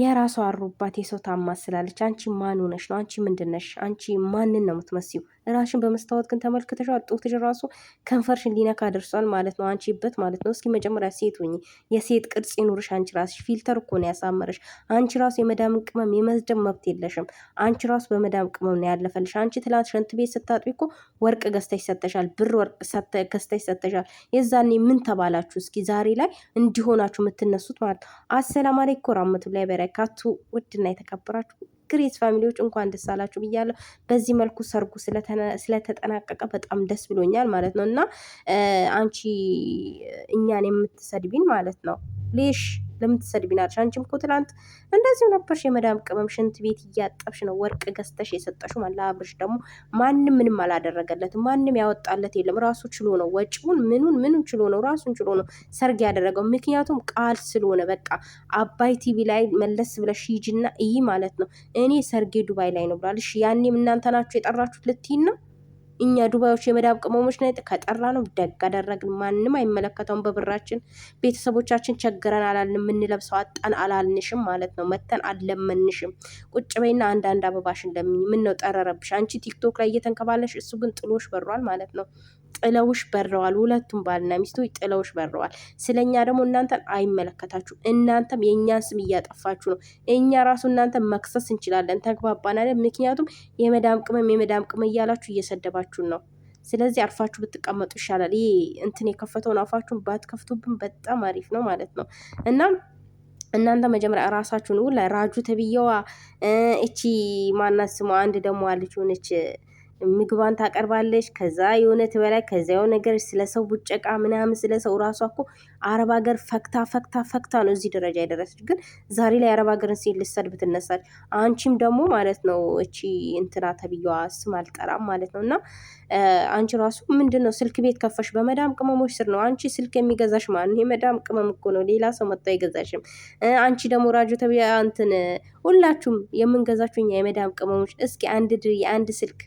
የራሷ አሩባት የሰው ታማት ስላለች አንቺ ማን ሆነሽ ነው? አንቺ ምንድነሽ? አንቺ ማንን ነው የምትመስዩ? ራሽን በመስታወት ግን ተመልክተሻል። ጡትሽ ራሱ ከንፈርሽን ሊነካ ደርሷል ማለት ነው። አንቺበት ማለት ነው። እስኪ መጀመሪያ ሴት ሁኚ፣ የሴት ቅርጽ ይኑርሽ። አንቺ ራስሽ ፊልተር እኮ ነው ያሳመረሽ። አንቺ ራሱ የመዳም ቅመም የመስደብ መብት የለሽም። አንቺ ራሱ በመዳም ቅመም ነው ያለፈልሽ። አንቺ ትላንት ሽንት ቤት ስታጥቢ እኮ ወርቅ ገዝተሽ ሰተሻል፣ ብር ወርቅ ገዝተሽ ሰተሻል። የዛኔ ምን ተባላችሁ? እስኪ ዛሬ ላይ እንዲሆናችሁ የምትነሱት ማለት ነው። አሰላም አለይኩም ወራህመቱላሂ ወበረካቱ ውድና የተከበራችሁ ግሬት ፋሚሊዎች እንኳን ደስ አላችሁ ብያለሁ። በዚህ መልኩ ሰርጉ ስለተጠናቀቀ በጣም ደስ ብሎኛል ማለት ነው እና አንቺ እኛን የምትሰድቢን ማለት ነው ሌሽ ለምን ትሰድቢናለሽ? አንቺም እኮ ትላንት እንደዚሁ ነበርሽ የመዳም ቅመም ሽንት ቤት እያጠብሽ ነው ወርቅ ገዝተሽ የሰጠሽው ማለት ለአብርሽ ደግሞ ማንም ምንም አላደረገለት ማንም ያወጣለት የለም። ራሱ ችሎ ነው ወጪውን፣ ምኑን ምኑን ችሎ ነው ራሱን ችሎ ነው ሰርግ ያደረገው። ምክንያቱም ቃል ስለሆነ በቃ አባይ ቲቪ ላይ መለስ ብለሽ ሂጂና እይ ማለት ነው። እኔ ሰርጌ ዱባይ ላይ ነው ብላለሽ። ያኔም እናንተ ናችሁ የጠራችሁት ልትይን ነው እኛ ዱባዮች የመዳብ ቅመሞች ነ ከጠራ ነው ደግ አደረግን። ማንም አይመለከተውም። በብራችን ቤተሰቦቻችን ቸግረን አላልን። የምንለብሰው አጣን አላልንሽም ማለት ነው። መተን አለመንሽም። ቁጭ በይና አንዳንድ አበባሽ እንደምኝ ምን ነው ጠረረብሽ? አንቺ ቲክቶክ ላይ እየተንከባለሽ እሱ ግን ጥሎሽ በሯል ማለት ነው። ጥለውሽ በረዋል። ሁለቱም ባልና ሚስቶች ጥለውሽ በረዋል። ስለኛ ደግሞ እናንተን አይመለከታችሁ። እናንተም የእኛን ስም እያጠፋችሁ ነው። እኛ ራሱ እናንተን መክሰስ እንችላለን። ተግባባናል። ምክንያቱም የመዳም ቅመም የመዳም ቅመም እያላችሁ እየሰደባችሁን ነው። ስለዚህ አርፋችሁ ብትቀመጡ ይሻላል። ይህ እንትን የከፈተውን አፋችሁን ባትከፍቱብን በጣም አሪፍ ነው ማለት ነው እና እናንተ መጀመሪያ ራሳችሁን ውላ ራጁ ተብዬዋ እቺ ማናት ስሟ አንድ ደግሞ አለች ሆነች ምግቧን ታቀርባለች። ከዛ የሆነ ትበላይ ከዛ የሆነ ነገር ስለ ሰው ቡጨቃ ምናምን ስለ ሰው ራሷ እኮ አረብ ሀገር ፈክታ ፈክታ ፈክታ ነው እዚህ ደረጃ የደረሰች። ግን ዛሬ ላይ አረብ ሀገርን ሴት ልትሰድብ ትነሳች። አንቺም ደግሞ ማለት ነው እቺ እንትና ተብዬዋ ስም አልጠራም ማለት ነው እና አንቺ ራሱ ምንድን ነው ስልክ ቤት ከፈሽ በመዳም ቅመሞች ስር ነው አንቺ ስልክ የሚገዛሽ ማን? የመዳም ቅመም እኮ ነው፣ ሌላ ሰው መጥቶ አይገዛሽም። አንቺ ደግሞ ራጆ ተብያ እንትን ሁላችሁም የምንገዛችሁ እኛ የመዳም ቅመሞች። እስኪ አንድ የአንድ ስልክ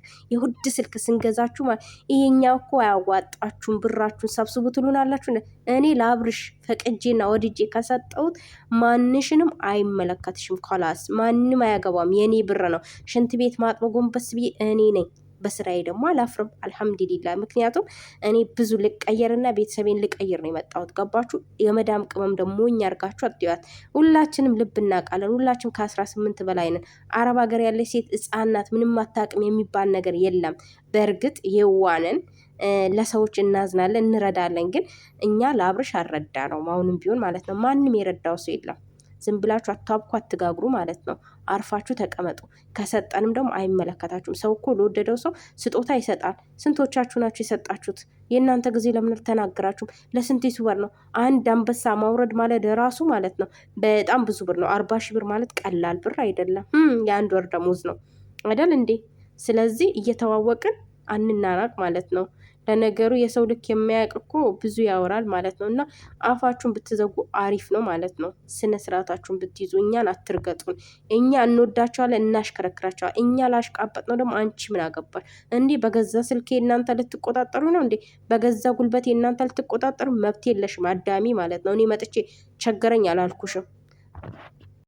ውድ ስልክ ስንገዛችሁ ይሄኛው እኮ አያዋጣችሁም፣ ብራችሁን ሰብስቡ ትሉናላችሁ። እኔ ለአብርሽ ፈቅጄና ወድጄ ከሰጠሁት ማንሽንም አይመለከትሽም። ኮላስ ማንም አያገባም፣ የኔ ብር ነው። ሽንት ቤት ማጥበጎንበስ ብዬ እኔ ነኝ በስራዬ ደግሞ አላፍርም። አልሐምዱሊላ ምክንያቱም እኔ ብዙ ልቀየርና ቤተሰቤን ልቀይር ነው የመጣሁት። ገባችሁ? የመዳም ቅመም ደግሞ እኛ አርጋችሁ አትዩዋት። ሁላችንም ልብ እናውቃለን። ሁላችንም ከአስራ ስምንት በላይ ነን። አረብ ሀገር ያለች ሴት ሕፃን ምንም አታውቅም የሚባል ነገር የለም። በእርግጥ የዋንን ለሰዎች እናዝናለን፣ እንረዳለን። ግን እኛ ለአብርሽ አልረዳ ነው አሁንም ቢሆን ማለት ነው። ማንም የረዳው ሰው የለም። ዝም ብላችሁ አታብኩ፣ አትጋግሩ ማለት ነው። አርፋችሁ ተቀመጡ። ከሰጠንም ደግሞ አይመለከታችሁም። ሰው እኮ ለወደደው ሰው ስጦታ ይሰጣል። ስንቶቻችሁ ናችሁ የሰጣችሁት? የእናንተ ጊዜ ለምን አልተናገራችሁም? ለስንቲቱ ብር ነው? አንድ አንበሳ ማውረድ ማለት ራሱ ማለት ነው በጣም ብዙ ብር ነው። አርባ ሺህ ብር ማለት ቀላል ብር አይደለም። የአንድ ወር ደሞዝ ነው አይደል እንዴ? ስለዚህ እየተዋወቅን አንናናቅ ማለት ነው። ለነገሩ የሰው ልክ የሚያውቅ እኮ ብዙ ያወራል ማለት ነው። እና አፋችሁን ብትዘጉ አሪፍ ነው ማለት ነው። ስነ ስርዓታችሁን ብትይዙ፣ እኛን አትርገጡን። እኛ እንወዳቸዋለን፣ እናሽከረክራቸዋል። እኛ ላሽቃበጥ ነው ደግሞ አንቺ ምን አገባል እንዴ? በገዛ ስልኬ እናንተ ልትቆጣጠሩ ነው እንዴ? በገዛ ጉልበቴ እናንተ ልትቆጣጠሩ መብት የለሽም አዳሚ ማለት ነው። እኔ መጥቼ ቸገረኝ አላልኩሽም።